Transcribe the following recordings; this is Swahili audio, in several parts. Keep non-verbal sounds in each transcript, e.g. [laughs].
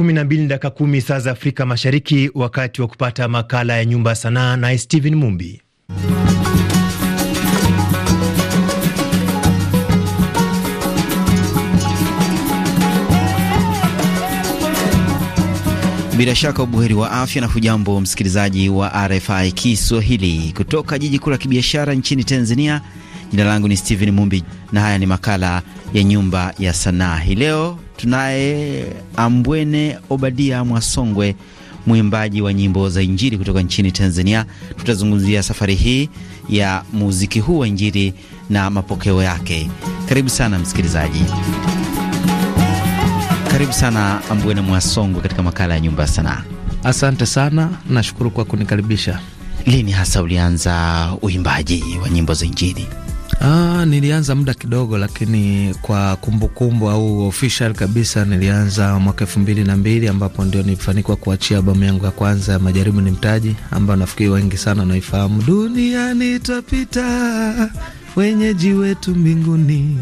kumi na mbili dakika kumi saa za Afrika Mashariki, wakati wa kupata makala ya nyumba sanaa na stehen Mumbi. Bila shaka ubuheri wa afya na hujambo msikilizaji wa RFI Kiswahili kutoka jiji kuu la kibiashara nchini Tanzania Jina langu ni Steven Mumbi na haya ni makala ya Nyumba ya Sanaa. Hii leo tunaye Ambwene Obadia Mwasongwe, mwimbaji wa nyimbo za Injili kutoka nchini Tanzania. Tutazungumzia safari hii ya muziki huu wa Injili na mapokeo yake. Karibu sana msikilizaji. Karibu sana Ambwene Mwasongwe katika makala ya Nyumba ya Sanaa. Asante sana, nashukuru kwa kunikaribisha. Lini hasa ulianza uimbaji wa nyimbo za Injili? Ah, nilianza muda kidogo, lakini kwa kumbukumbu -kumbu au official kabisa nilianza mwaka elfu mbili na mbili ambapo ndio nilifanikiwa kuachia albamu yangu ya kwanza ya Majaribu ni Mtaji, ambayo nafikiri wengi sana wanaifahamu. Duniani itapita, wenyeji wetu mbinguni,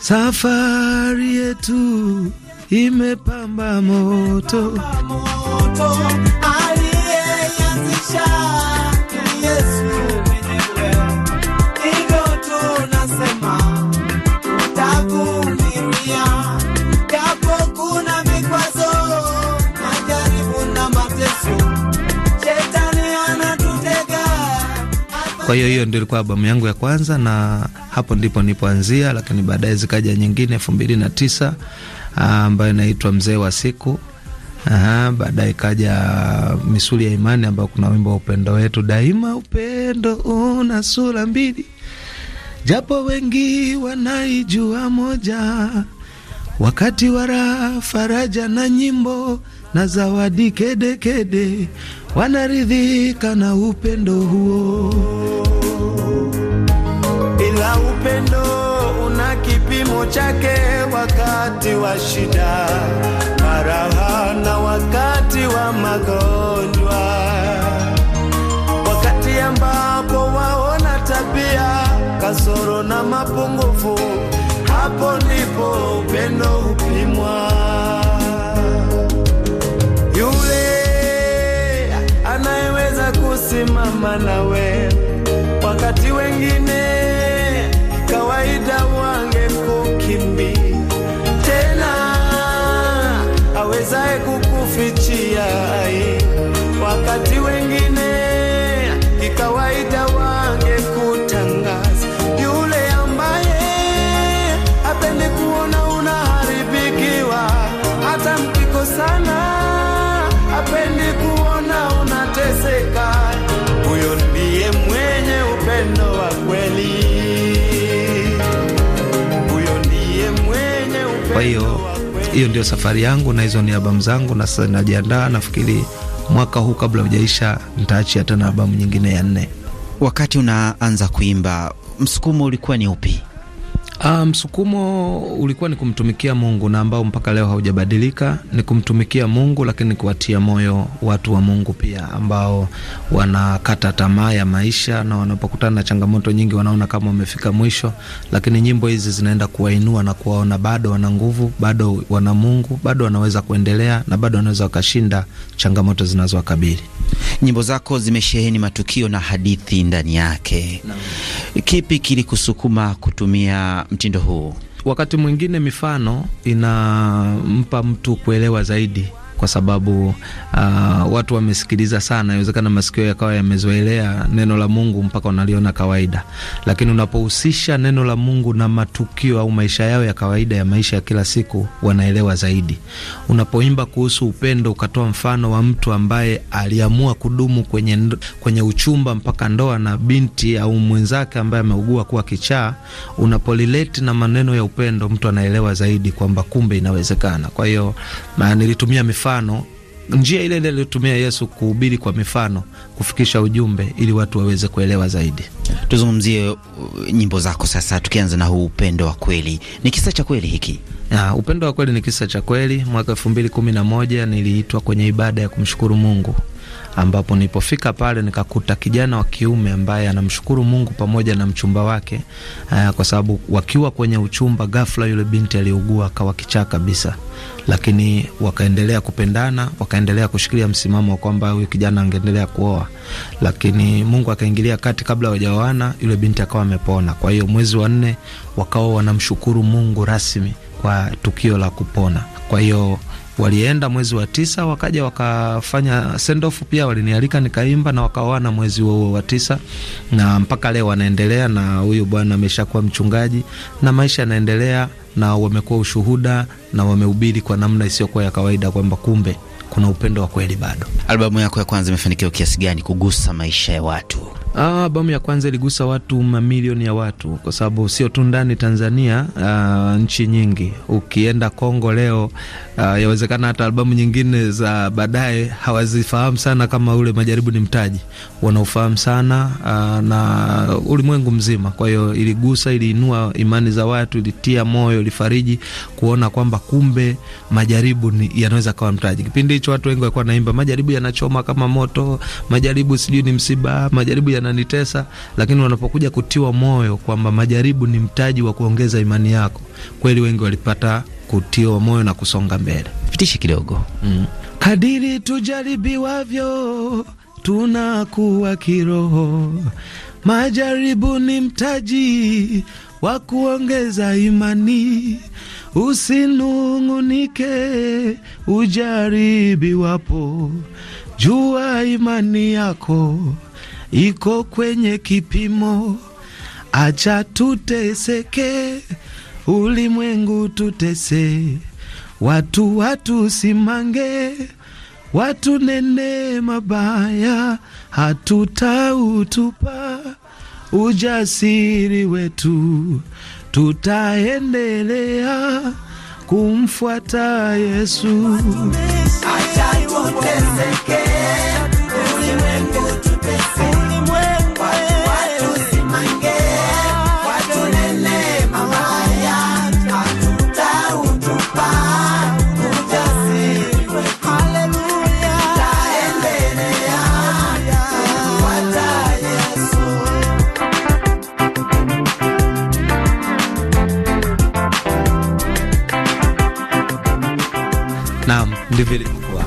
safari yetu imepamba moto, aliyeanzisha Kwa hiyo hiyo ndio ilikuwa albamu yangu ya kwanza, na hapo ndipo nipoanzia, lakini baadaye zikaja nyingine elfu mbili na tisa ah, ambayo inaitwa Mzee wa Siku. Baadaye ikaja Misuli ya Imani ambayo kuna wimbo wa upendo wetu daima. Upendo una sura mbili, japo wengi wanaijua moja, wakati wa raha, faraja na nyimbo na zawadi kedekede, wanaridhika na upendo huo upendo una kipimo chake, wakati wa shida, faraha na wakati wa magonjwa, wakati ambapo waona tabia, kasoro na mapungufu, hapo ndipo upendo upimwa Yule anayeweza kusimama nawe hiyo hiyo ndio safari yangu na hizo ni albamu zangu, na sasa najiandaa, nafikiri mwaka huu kabla hujaisha nitaachia tena albamu nyingine ya nne. Wakati unaanza kuimba, msukumo ulikuwa ni upi? Msukumo um, ulikuwa ni kumtumikia Mungu na ambao mpaka leo haujabadilika, ni kumtumikia Mungu, lakini kuwatia moyo watu wa Mungu pia ambao wanakata tamaa ya maisha na wanapokutana na changamoto nyingi wanaona kama wamefika mwisho, lakini nyimbo hizi zinaenda kuwainua na kuwaona bado wana nguvu, bado wana Mungu, bado wanaweza kuendelea na bado wanaweza wakashinda changamoto zinazowakabili. Nyimbo zako zimesheheni matukio na hadithi ndani yake. Kipi kilikusukuma kutumia mtindo huu. Wakati mwingine mifano inampa mtu kuelewa zaidi kwa sababu uh, watu wamesikiliza sana, inawezekana masikio yakawa yamezoelea neno la Mungu mpaka wanaliona kawaida, lakini unapohusisha neno la Mungu na matukio au maisha yao ya kawaida ya maisha ya kila siku, wanaelewa zaidi. Unapoimba kuhusu upendo, ukatoa mfano wa mtu ambaye aliamua kudumu kwenye, kwenye uchumba mpaka ndoa na binti au mwenzake ambaye ameugua kuwa kichaa, unapolileti na maneno ya upendo, mtu anaelewa zaidi kwamba kumbe inawezekana. Kwa hiyo nilitumia mifano mifano, njia ile ile aliyotumia Yesu kuhubiri kwa mifano, kufikisha ujumbe ili watu waweze kuelewa zaidi. Tuzungumzie uh, nyimbo zako sasa, tukianza na huu upendo wa kweli. Ni kisa cha kweli hiki? Ya, upendo wa kweli ni kisa cha kweli. Mwaka elfu mbili kumi na moja niliitwa kwenye ibada ya kumshukuru Mungu ambapo nilipofika pale nikakuta kijana wa kiume ambaye anamshukuru Mungu pamoja na mchumba wake uh, kwa sababu wakiwa kwenye uchumba, ghafla yule binti aliugua akawa kichaa kabisa, lakini wakaendelea kupendana, wakaendelea kushikilia msimamo wa kwamba huyu kijana angeendelea kuoa, lakini Mungu akaingilia kati kabla hawajaoana, yule binti akawa amepona. Kwa hiyo mwezi wa nne wakawa wanamshukuru Mungu rasmi kwa tukio la kupona. Kwa hiyo walienda mwezi wa tisa, wakaja wakafanya sendofu, pia walinialika nikaimba na wakaoana mwezi huo wa tisa, na mpaka leo wanaendelea, na huyu bwana ameshakuwa mchungaji na maisha yanaendelea, na wamekuwa ushuhuda na wamehubiri kwa namna isiyokuwa ya kawaida kwamba kumbe kuna upendo wa kweli bado. Albamu yako ya kwanza imefanikiwa kiasi gani kugusa maisha ya watu? Albamu ah, ya kwanza iligusa watu mamilioni ya watu, kwa sababu sio tu ndani Tanzania, uh, nchi nyingi. Ukienda Kongo leo, uh, yawezekana hata albamu nyingine za baadaye hawazifahamu sana kama ule Majaribu ni Mtaji, wanaofahamu sana uh, na ulimwengu mzima. Kwa hiyo iligusa, iliinua imani za watu, ilitia moyo, ilifariji kuona kwamba kumbe majaribu yanaweza kawa mtaji. Kipindi hicho watu wengi walikuwa naimba majaribu yanachoma kama moto, majaribu sijui ni msiba, majaribu yana yananitesa, lakini wanapokuja kutiwa moyo kwamba majaribu ni mtaji wa kuongeza imani yako, kweli wengi walipata kutiwa moyo na kusonga mbele. Fitishi kidogo mm. Kadiri tujaribiwavyo tunakuwa kiroho, majaribu ni mtaji wa kuongeza imani. Usinung'unike ujaribiwapo, jua imani yako iko kwenye kipimo, acha tuteseke, ulimwengu tutese, watu watu simange, watu nene mabaya, hatutautupa ujasiri wetu, tutaendelea kumfuata Yesu. Acha kukua.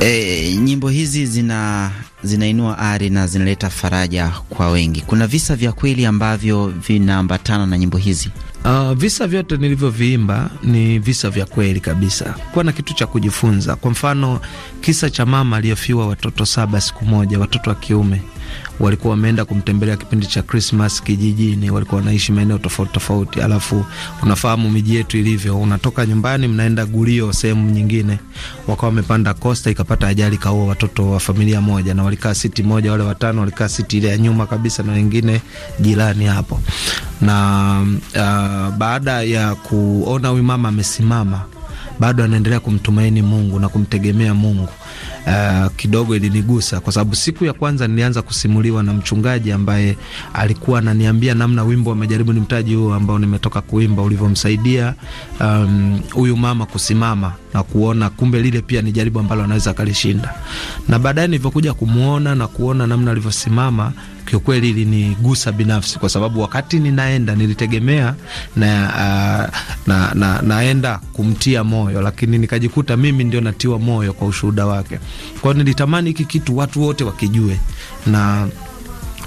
E, eh, nyimbo hizi zina zinainua ari na zinaleta faraja kwa wengi. Kuna visa vya kweli ambavyo vinaambatana na nyimbo hizi. Uh, visa vyote nilivyoviimba ni visa vya kweli kabisa. Kuwa na kitu cha kujifunza, kwa mfano kisa cha mama aliyofiwa watoto saba siku moja, watoto wa kiume walikuwa wameenda kumtembelea kipindi cha Christmas kijijini, walikuwa wanaishi maeneo tofauti tofauti. Alafu unafahamu miji yetu ilivyo, unatoka nyumbani mnaenda Gulio sehemu nyingine, wakawa wamepanda kosta, ikapata ajali, kaua watoto wa familia moja, na walikaa siti moja, wale watano walikaa siti ile ya nyuma kabisa, na wengine jirani hapo. Na uh, baada ya kuona huyu mama amesimama, bado anaendelea kumtumaini Mungu na kumtegemea Mungu uh, kidogo ilinigusa kwa sababu siku ya kwanza nilianza kusimuliwa na mchungaji ambaye alikuwa ananiambia namna wimbo amejaribu ni mtaji huu ambao nimetoka kuimba ulivyomsaidia um, huyu um, mama kusimama na kuona kumbe lile pia ni jaribu ambalo anaweza akalishinda, na baadaye nilivyokuja kumwona na kuona namna alivyosimama kiukweli ilinigusa binafsi, kwa sababu wakati ninaenda nilitegemea na, uh, na, na, naenda kumtia moyo, lakini nikajikuta mimi ndio natiwa moyo kwa ushuhuda wake. Kwa hiyo nilitamani hiki kitu watu wote wakijue na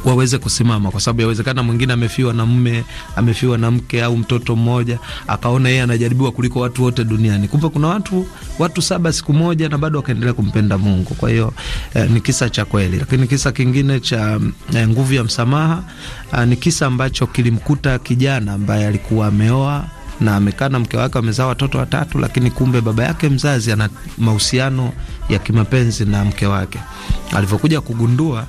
waweze kusimama, kwa sababu yawezekana mwingine amefiwa na mme, amefiwa na mke au mtoto mmoja, akaona yeye anajaribiwa kuliko watu wote duniani. Kumbe kuna watu watu saba siku moja na bado wakaendelea kumpenda Mungu. Kwa hiyo eh, ni kisa cha kweli, lakini kisa kingine cha eh, nguvu ya msamaha eh, ni kisa ambacho kilimkuta kijana ambaye alikuwa ameoa na amekaa na mke wake amezaa watoto watatu, lakini kumbe baba yake mzazi ana mahusiano ya kimapenzi na mke wake. Alivyokuja kugundua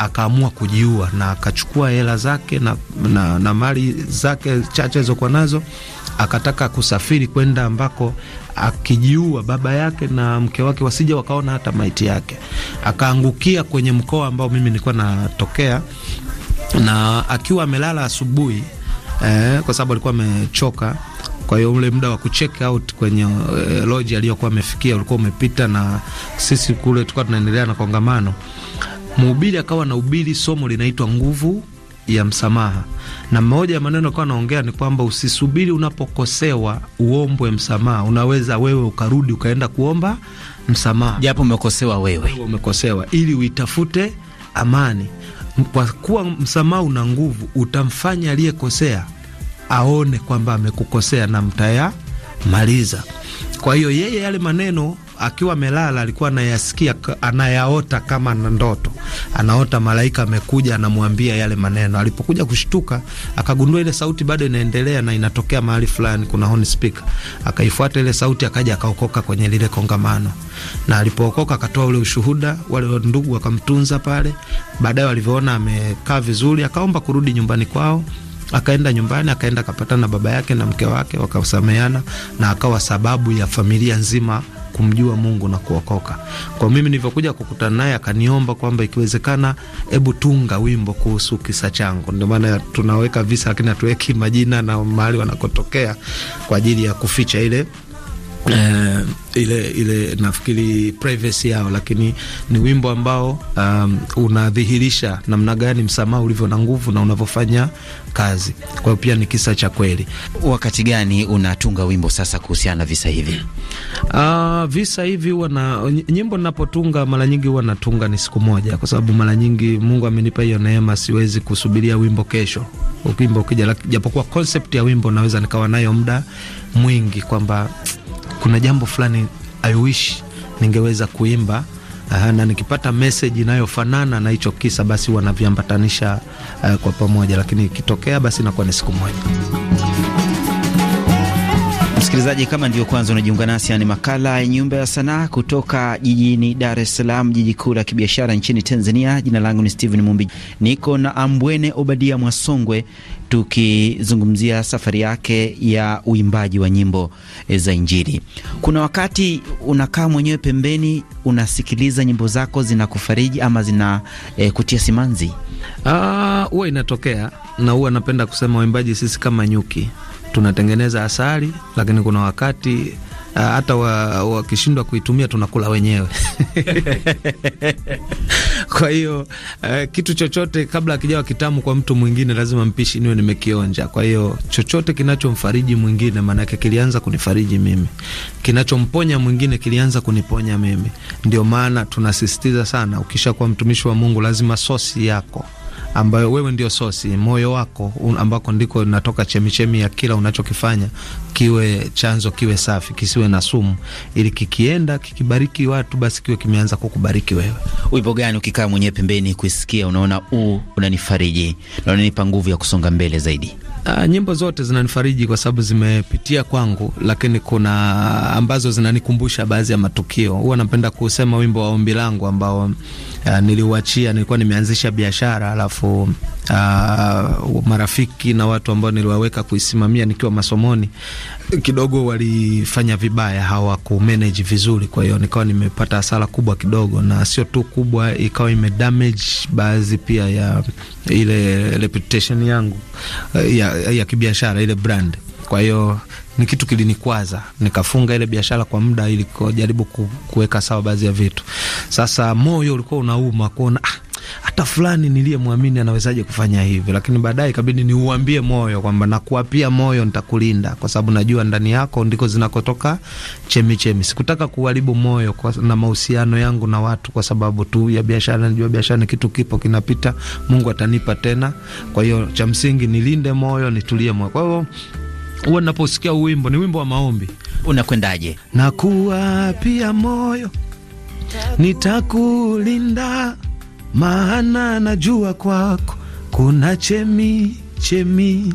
akaamua kujiua na akachukua hela zake na, na, na mali zake chache alizokuwa nazo akataka kusafiri kwenda ambako akijiua baba yake na mke wake wasija wakaona hata maiti yake. Akaangukia kwenye mkoa ambao mimi nilikuwa natokea, na akiwa amelala asubuhi eh, kwa sababu alikuwa amechoka. Kwa hiyo ule muda wa kucheck out kwenye eh, loji aliyokuwa amefikia ulikuwa umepita, na sisi kule tulikuwa tunaendelea na kongamano mhubiri akawa na ubili somo linaitwa nguvu ya msamaha, na mmoja ya maneno akawa naongea ni kwamba usisubiri unapokosewa uombwe msamaha. Unaweza wewe ukarudi ukaenda kuomba msamaha, japo umekosewa wewe, umekosewa ili uitafute amani, kwa kuwa msamaha una nguvu, utamfanya aliyekosea aone kwamba amekukosea na mtaya maliza. Kwa hiyo yeye yale maneno akiwa amelala alikuwa anayasikia, anayaota kama na ndoto. Anaota malaika amekuja anamwambia yale maneno. Alipokuja kushtuka, akagundua ile sauti bado inaendelea na inatokea mahali fulani, kuna horn speaker. Akaifuata ile sauti, akaja akaokoka kwenye lile kongamano, na alipookoka akatoa ule ushuhuda, wale ndugu wakamtunza pale. Baadaye walivyoona amekaa vizuri, akaomba kurudi nyumbani kwao akaenda nyumbani, akaenda akapatana na baba yake na mke wake, wakasameana na akawa sababu ya familia nzima kumjua Mungu na kuokoka. Kwa mimi nilivyokuja kukutana naye, akaniomba kwamba ikiwezekana, hebu tunga wimbo kuhusu kisa changu. Ndio maana tunaweka visa, lakini hatuweki majina na mahali wanakotokea kwa ajili ya kuficha ile Uh, ile ile nafikiri privacy yao, lakini ni wimbo ambao um, unadhihirisha namna gani msamaha ulivyo na nguvu na unavyofanya kazi. Kwa hiyo pia ni kisa cha kweli. Wakati gani unatunga wimbo sasa kuhusiana na visa hivi? Uh, visa hivi huwa na nyimbo ninapotunga, mara nyingi huwa natunga ni siku moja, kwa sababu mara nyingi Mungu amenipa hiyo neema, siwezi kusubiria wimbo kesho wimbo ukija, japokuwa concept ya wimbo naweza nikawa nayo muda mwingi kwamba kuna jambo fulani I wish ningeweza kuimba Aha, na nikipata message inayofanana na hicho kisa basi wanaviambatanisha uh, eh, kwa pamoja, lakini ikitokea basi inakuwa ni siku moja. Msikilizaji, kama ndiyo kwanza unajiunga nasi, ni makala ya Nyumba ya Sanaa kutoka jijini Dar es Salaam, jiji kuu la kibiashara nchini Tanzania. Jina langu ni Steven Mumbi, niko na Ambwene Obadia Mwasongwe tukizungumzia safari yake ya uimbaji wa nyimbo za Injili. Kuna wakati unakaa mwenyewe pembeni, unasikiliza nyimbo zako zinakufariji ama zina e, kutia simanzi? Ah, huwa inatokea na huwa napenda kusema waimbaji sisi kama nyuki tunatengeneza asali, lakini kuna wakati uh, hata wakishindwa wa kuitumia tunakula wenyewe [laughs] kwa hiyo uh, kitu chochote kabla akijawa kitamu kwa mtu mwingine lazima mpishi niwe nimekionja. Kwa hiyo chochote kinachomfariji mwingine, maana yake kilianza kunifariji mimi, kinachomponya mwingine kilianza kuniponya mimi. Ndio maana tunasisitiza sana, ukishakuwa mtumishi wa Mungu lazima sosi yako ambayo wewe ndio sosi, moyo wako ambako ndiko natoka chemichemi ya kila unachokifanya, kiwe chanzo, kiwe safi, kisiwe na sumu, ili kikienda kikibariki watu, basi kiwe kimeanza kukubariki wewe. Wimbo gani ukikaa mwenyewe pembeni kuisikia, unaona uu, unanifariji na unanipa nguvu ya kusonga mbele zaidi? Uh, nyimbo zote zinanifariji kwa sababu zimepitia kwangu, lakini kuna ambazo zinanikumbusha baadhi ya matukio. Huwa napenda kusema wimbo wa ombi langu ambao uh, eh, niliuachia, nilikuwa nimeanzisha biashara alafu uh, marafiki na watu ambao niliwaweka kuisimamia nikiwa masomoni kidogo walifanya vibaya, hawakumanage vizuri, kwa hiyo nikawa nimepata hasara kubwa kidogo, na sio tu kubwa, ikawa imedamage baadhi pia ya ile reputation yangu eh, ya, ya kibiashara ile brand kwa hiyo ni kitu kilinikwaza, nikafunga ile biashara kwa muda ili kujaribu kuweka sawa baadhi ya vitu. Sasa moyo ulikuwa unauma kuona ah, hata fulani niliyemwamini anawezaje kufanya hivi, lakini baadaye ikabidi niuambie moyo kwamba nakuapia moyo, nitakulinda kwa sababu najua ndani yako ndiko zinakotoka chemichemi. Sikutaka kuharibu moyo kwa, na mahusiano yangu na watu kwa sababu tu ya biashara. Najua biashara ni kitu kipo kinapita, Mungu atanipa tena. Kwa hiyo cha msingi nilinde moyo, nitulie moyo. Kwa hiyo huwa ninaposikia wimbo, ni wimbo wa maombi. Unakwendaje? nakuwa pia moyo, nitakulinda maana najua kwako kuna chemi chemi,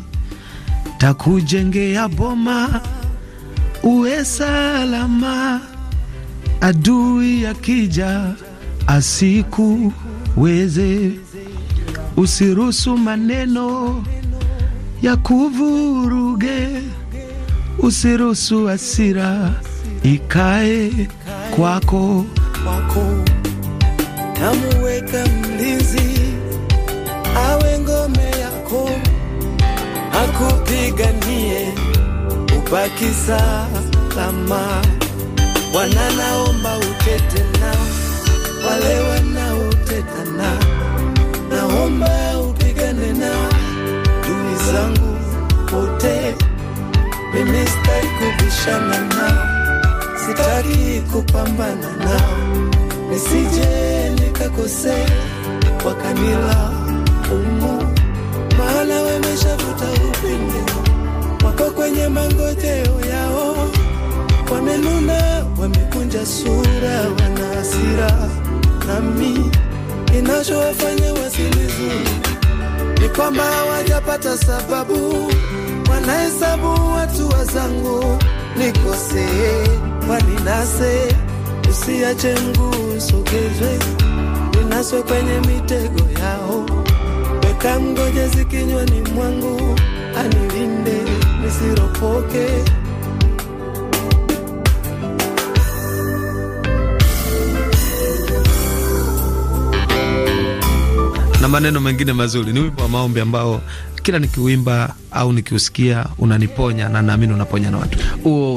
takujengea boma uwe salama, adui akija weze usirusu maneno ya kuvuruge, usirusu asira ikae kwako. Namuweka mlinzi awe ngome yako, akupiganie ubaki salama. Wana naomba utete wale wanaotetana naomba zangu pote, mimi sitaki kubishana nao, sitaki kupambana nao, nisije nikakosea wakanila umu mahala wameshavuta upinde wako kwenye mangojeo yao, wamenuna, wamekunja sura, wana hasira nami inachowafanya wasilizuri ni kwamba wajapata sababu, wanahesabu watu zangu nikose, waninase usiache mguu sogezwe, ninaswe kwenye mitego yao, weka mgoje zikinywani maneno mengine mazuri, ni wimbo wa maombi ambao kila nikiuimba au nikiusikia unaniponya, na naamini unaponya na watu. Huo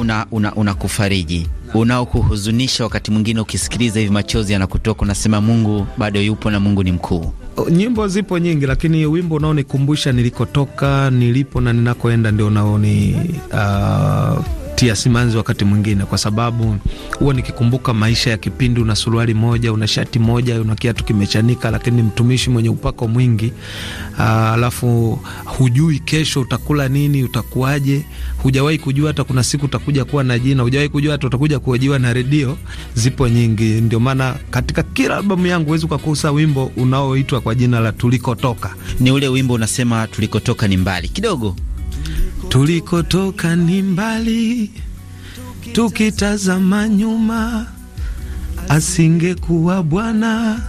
unakufariji una, una unaokuhuzunisha wakati mwingine, ukisikiliza hivi machozi yanakutoka, unasema Mungu bado yupo na Mungu ni mkuu. Nyimbo zipo nyingi, lakini wimbo unaonikumbusha nilikotoka, nilipo na ninakoenda ndio unaoni uh, kutia simanzi wakati mwingine, kwa sababu huwa nikikumbuka maisha ya kipindi, una suruali moja, una shati moja, una kiatu kimechanika, lakini mtumishi mwenye upako mwingi, ah, alafu hujui kesho utakula nini, utakuaje, hujawahi kujua hata kuna siku utakuja kuwa na jina, hujawahi kujua hata utakuja kuojiwa na redio. Zipo nyingi, ndio maana katika kila albamu yangu huwezi ukakosa wimbo unaoitwa kwa jina la tulikotoka. Ni ule wimbo unasema tulikotoka ni mbali kidogo tulikotoka ni mbali, tukitazama nyuma, asingekuwa Bwana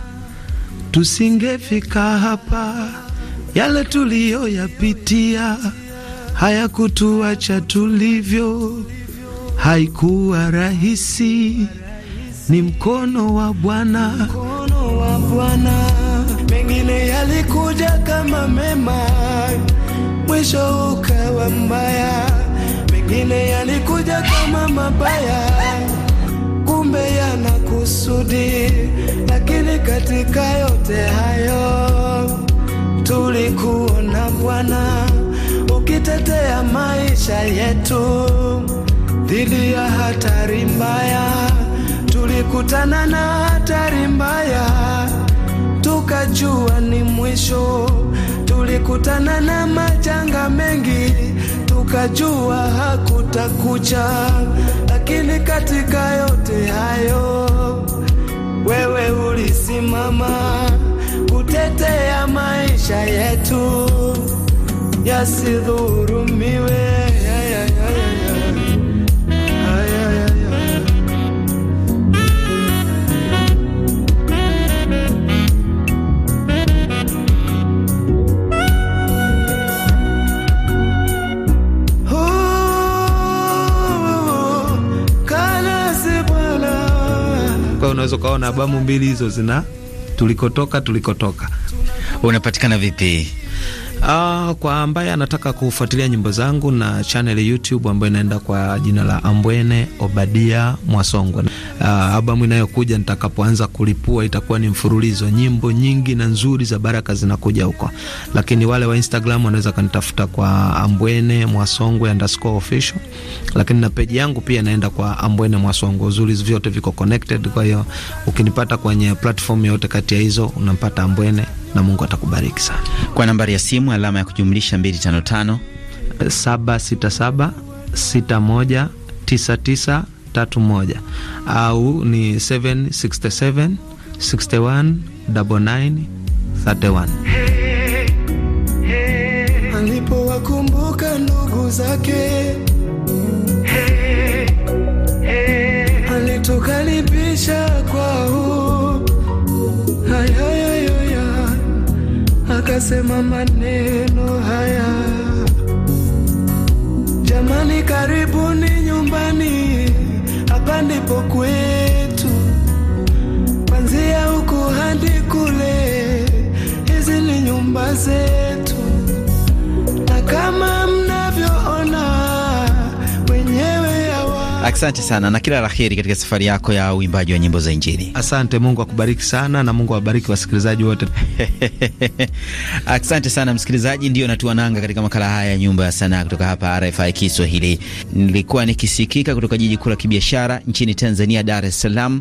tusingefika hapa. Yale tuliyoyapitia hayakutuacha tulivyo, haikuwa rahisi, ni mkono wa Bwana. Mengine yalikuja kama mema mwisho ukawa mbaya, mengine yalikuja kama mabaya, kumbe yana kusudi. Lakini katika yote hayo tulikuona Bwana ukitetea maisha yetu dhidi ya hatari mbaya. Tulikutana na hatari mbaya, tukajua ni mwisho tulikutana na majanga mengi, tukajua hakutakucha, lakini katika yote hayo wewe ulisimama kutetea maisha yetu yasidhurumiwe. hiyo unaweza ukaona albamu mbili hizo zina tulikotoka tulikotoka. Unapatikana vipi? Uh, kwa ambaye anataka kufuatilia nyimbo zangu na channel YouTube ambayo inaenda kwa jina la Ambwene Obadia Mwasongwe uh, albamu inayokuja nitakapoanza kulipua itakuwa ni mfululizo, nyimbo nyingi na nzuri za baraka zinakuja huko, lakini wale wa Instagram wanaweza kanitafuta kwa Ambwene Mwasongwe underscore official, lakini na peji yangu pia naenda kwa Ambwene Mwasongwe. Uzuri vyote viko connected, kwa hiyo ukinipata kwenye platform yote kati ya hizo unampata Ambwene na Mungu atakubariki sana. Kwa nambari ya simu alama ya kujumlisha 255 767 31 au ni 767 61 99 31. Alipowakumbuka ndugu zake alitukaribisha kwao, haya akasema maneno haya zetu, na kama mnavyoona wenyewe. Asante sana na kila la heri katika safari yako ya uimbaji wa nyimbo za Injili. Asante, Mungu akubariki sana na Mungu awabariki wasikilizaji wote. [laughs] Asante sana msikilizaji, ndio natua nanga katika makala haya ya Nyumba ya Sanaa kutoka hapa RFI Kiswahili. Nilikuwa nikisikika kutoka jiji kuu la kibiashara nchini Tanzania, Dar es Salaam.